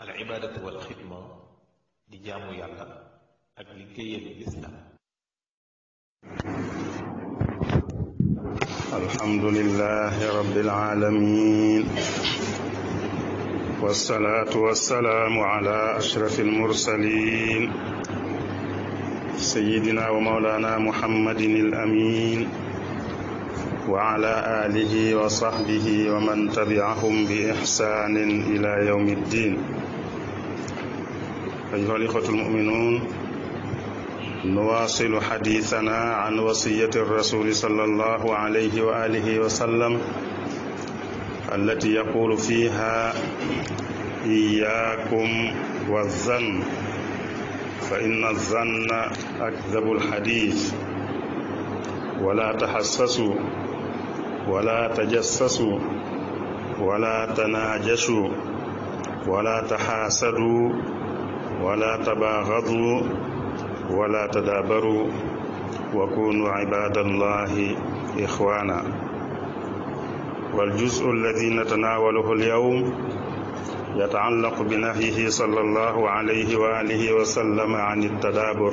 al ibaadatu wal xidma di jaamu yàlla ak liggéeyal lislaam alhamdulillahi rabbil aalamiin wassalaatu wassalaamu ala ashrafil mursaliin sayyidina wa mawlaana muhammadin al amiin wa ala aalihi wa sahbihi wa man tabi'ahum bi ihsaanin ila yawmi ddiin أيها الإخوة المؤمنون نواصل حديثنا عن وصية الرسول صلى الله عليه وآله وسلم التي يقول فيها إياكم والظن فإن الظن أكذب الحديث ولا تحسسوا ولا تجسسوا ولا تناجشوا ولا تحاسدوا ولا تباغضوا ولا تدابروا وكونوا عباد الله إخوانا والجزء الذي نتناوله اليوم يتعلق بنهيه صلى الله عليه وآله وسلم عن التدابر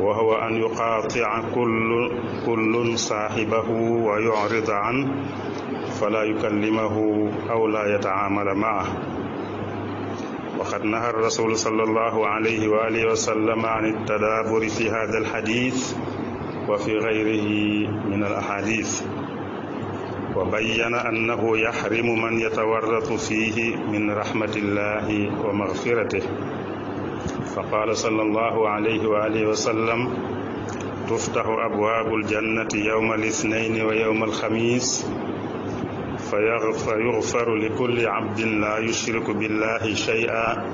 وهو أن يقاطع كل كل صاحبه ويعرض عنه فلا يكلمه أو لا يتعامل معه وقد نهى الرسول صلى الله عليه وآله وسلم عن التدابر في هذا الحديث وفي غيره من الأحاديث وبين أنه يحرم من يتورط فيه من رحمة الله ومغفرته فقال صلى الله عليه وآله وسلم تفتح أبواب الجنة يوم الاثنين ويوم الخميس فيغفر لكل عبد لا يشرك بالله شيئا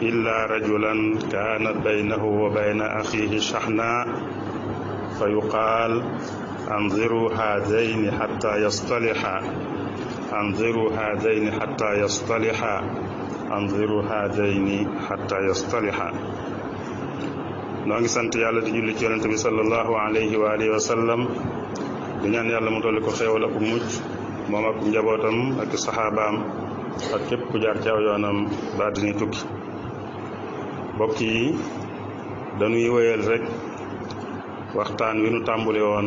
إلا رجلا كانت بينه وبين أخيه شحناء فيقال أنظروا هذين حتى يصطلحا أنظروا هذين حتى يصطلحا أنظروا هذين حتى يصطلحا noo ngi sant yàlla di julli ci yonente bi sallallahu alayhi wa alihi wa sallam di ñaan yàlla mu dolli ko xéewal ak mucc moom ak njabootam ak saxaabaam ak képp ku jaar ci aw yoonam tukki mbokk yi dañuy wéyal rek waxtaan wi nu tàmbali woon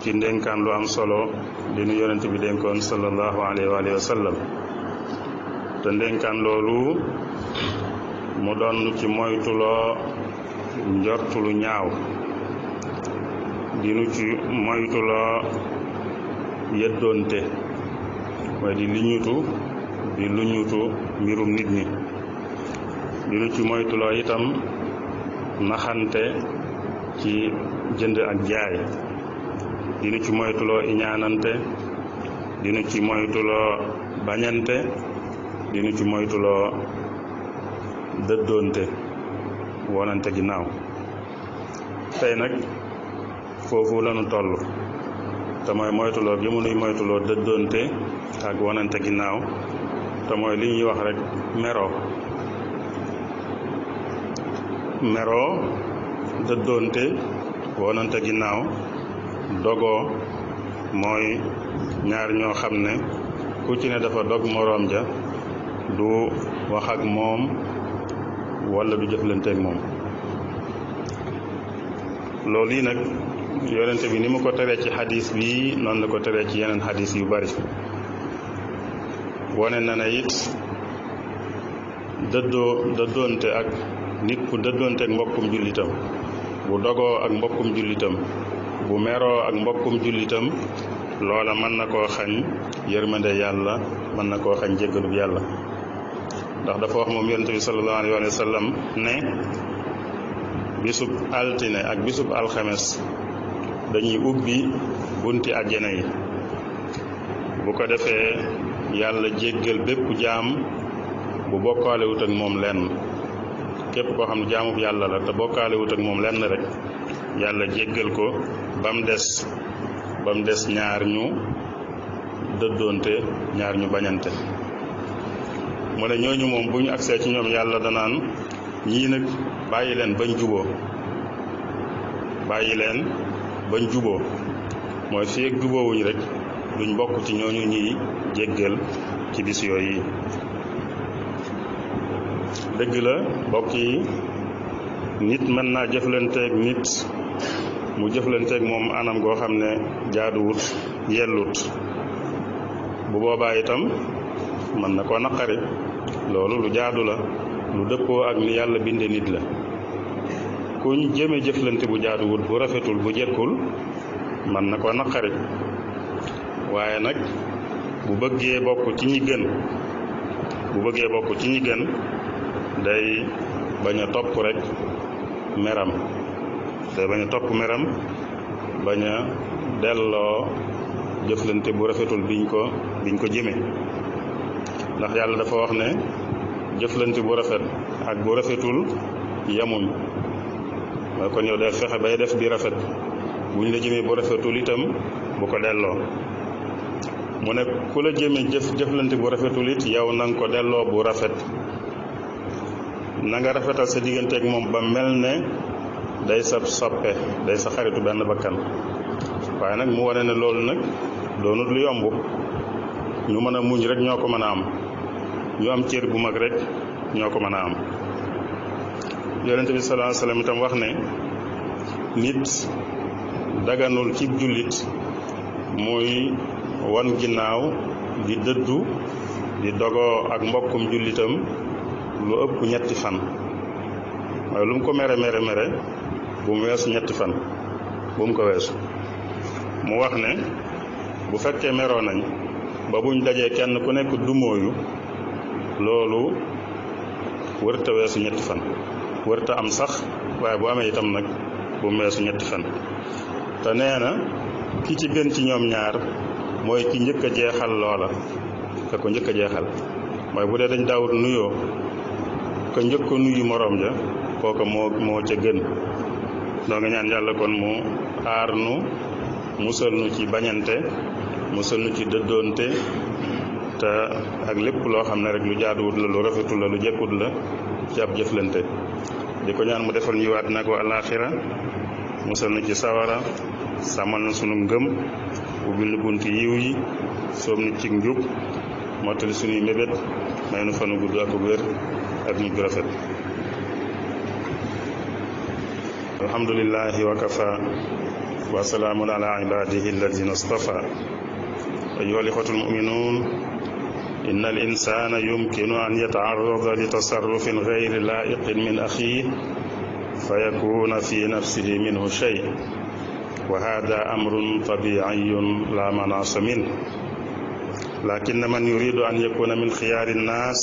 ci ndénkaan lu am solo li nu bi dénkoon sallallahu alayhi wa sallam te ndénkaan loolu mu doon ci moytuloo njortu lu ñaaw di ci moytuloo yeddoonte waaye di li ñuutu di lu ñuutu mbirum nit ñi di lu ci moytuloo itam naxante ci jënd ak jaay di ci moytuloo iñaanante dinu ci moytuloo bañante dinu ci moytuloo dëddoonte wonante ginnaaw tey nag foofu lañu toll te mooy moytuloo gi mu nuy moytuloo dëddoonte ak wonante ginnaaw te li ñuy wax rek meroo meroo dëddoonte wonante ginnaaw dogoo mooy ñaar ñoo xam ne ku ci ne dafa dog moroom ja du wax ak moom walla du jëflante ak moom loolu nag yonente bi ni mu ko teree ci xadis bii noonu la ko teree ci yeneen xadis yu bari wone na ne it dëddoo dëddoonte ak nit ku dëddoonte ak mbokkum jullitam bu dogoo ak mbokkum jullitam bu meroo ak mbokkum jullitam loola mën na koo xañ yërmande yàlla mën na koo xañ jéggalub yàlla ndax dafa wax moom yonente bi sallallahu alayhi wa sallam ne bisub altine ak bisub alxames dañuy ubbi bunti àjjana yi bu ko defee yàlla jéggal bépp jaam bu bokkaalewut ak moom lenn képp koo xam ne jaamub yàlla la te bokkaalewut ak moom lenn rek yàlla jéggal ko ba mu des ba des ñaar ñu dëddoonte ñaar ñu bañante mu ne ñooñu moom bu ñu agsee ci ñoom yàlla danaan ñii nag bàyyi leen bañ juboo bàyyi leen bañ juboo mooy fii ak juboowuñ rek duñ bokk ci ñooñu ñuy jéggal ci bis yi dëgg la bokk yi nit mën naa jëflanteeg nit mu jëflanteeg moom anam goo xam ne jaaduwut yellut bu boobaa itam mën na koo naqari loolu lu jaadu la lu dëppoo ak ni yàlla binde nit la kuñ jëme jëflante bu jaaduwul bu rafetul bu jekkul man na ko naqarit waaye nag bu bëggee bokk ci ñi gën bu bëggee bokk ci gën day bañ a topp rekk meram day bañ topp meram bañ a delloo jëflante bu rafetul biñ ko biñ ko jëme ndax yàlla dafa wax ne jëflante bu rafet ak bu rafetul yemuñ mooy kon yow de fexe bay def bi rafet bu ñu la jëmee bu rafetul itam bu ko delloo mu ne ku la jëmee jëf jëflante bu rafetul it yow na nga ko delloo bu rafet nanga nga rafetal sa digganteeg moom ba mel ne day sa soppe day sa xaritu benn bakkan waaye nag mu wane ne loolu nag doonut lu yomb ñu mën a muñ rek ñoo ko mën a am ñu am cër bu mag rek ñoo ko mën a am yonente bi salaa salaam itam wax ne nit daganul cib jullit muy wan ginnaaw di dëddu di dogo ak mbokkum jullitam lu ëpp ñetti fan waaye lu mu ko mere mere mere bu mu weesu ñetti fan bu mu ko weesu mu wax ne bu fekkee meroo nañ ba buñ dajee kenn ku nekk dumóoyu loolu wërta weesu ñetti fan warta am sax waaye bu amee itam nag bu meesu ñetti fan te nee na ki ci gën ci ñoom ñaar mooy ki njëkk a jeexal loola ka ko njëkk jeexal mooy bu dee dañ daawut nuyoo ka njëkk a nuyu moroom ja kooka moo moo ca gën noo nga ñaan yàlla kon mu aar nu musal nu ci bañante musal nu ci dëddoonte te ak lépp loo xam ne rek lu jaaduwut la lu rafetul la lu jekkut la ci ab jëflante di ko ñaan mu defal ñu àddina ko alaaxira musal na ci sawara sàmmal na sunu ngëm ubbil na bunt yiw yi soob na ci njub mottali sunuy mébét may nu fanu gudd ak ak ñu rafet alhamdulillahi wa kafa wa salaamun ala ibadihi alladina stafa ayuha alixatu almuminuun inna al insana yumkinu an yataarrada li tasarrufin gayri laa'iqin min axiihi fa yakuna fi nafsihi minhu shay wa hada amrun tabiiyun la manasa min lakin man yuridu an yakuna min xiyaari nnaas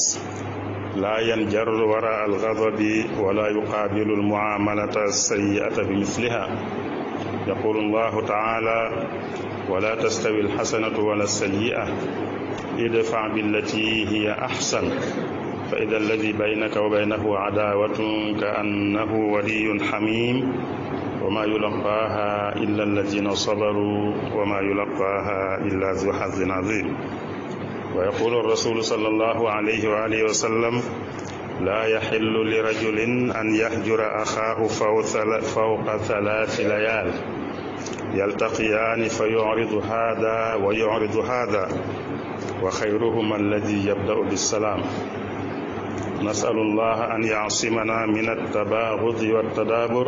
laa yanjaru wara algadabi wala yuqaabilu almuaamalata alsayiata bi misliha yaqulu allahu taala wala tastawi alxasanatu wala alsayi'a idfa billati hiya axsan fa ida alladi baynaka wa baynahu adaawatun ka annahu waliyun xamim wa ma yulaqaaha illa alladina sabaru wa ma yulaqaaha illa zu xazin azim wa yaqulu rasulu sallallahu alayhi wa alihi wa sallam laa yaxillu li rajulin an yaxjura axaahu fawqa thalaati layaal yaltaqiyaani fa yuridu haada wa yuridu haada wa xayruhuma alladi yabda'u bisalaam nasalu llaha an yacsimana min altabaaxudi waltadaabur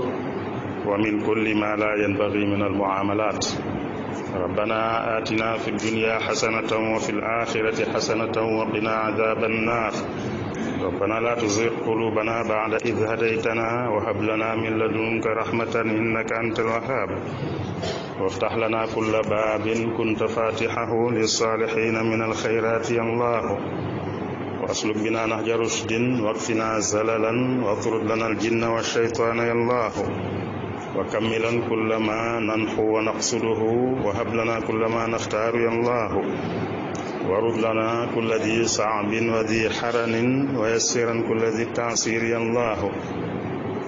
wa min kulli ma laa yanbagi min almucaamalaat rabbana aatina fi dunya xasanatan wa fi laaxirati xasanatan wa qina cadaaba annaar rabbana laa tuzig quluubana bacda id hadaytana wa hab lana min ladunka raxmatan innaka anta alwahaab وافتح لنا كل باب كنت فاتحه للصالحين من الخيرات يا الله واسلك بنا نهج رشد واكفنا زللا واطرد لنا الجن والشيطان يا الله وكملا كل ما ننحو ونقصده وهب لنا كل ما نختار يا الله ورد لنا كل ذي صعب وذي حرن ويسرا كل ذي تعسير يا الله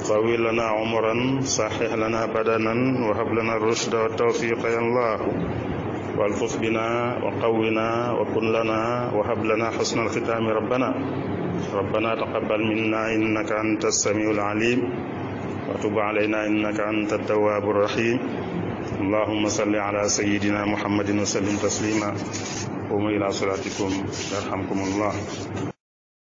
طوي لنا عمرا صحح لنا بدنا وهب لنا الرشد والتوفيق يا الله والطف بنا وقونا وكن لنا وهب لنا حسن الختام ربنا ربنا تقبل منا إنك أنت السميع العليم وتب علينا إنك أنت التواب الرحيم اللهم صل على سيدنا محمد وسلم تسليما قوموا إلى صلاتكم يرحمكم الله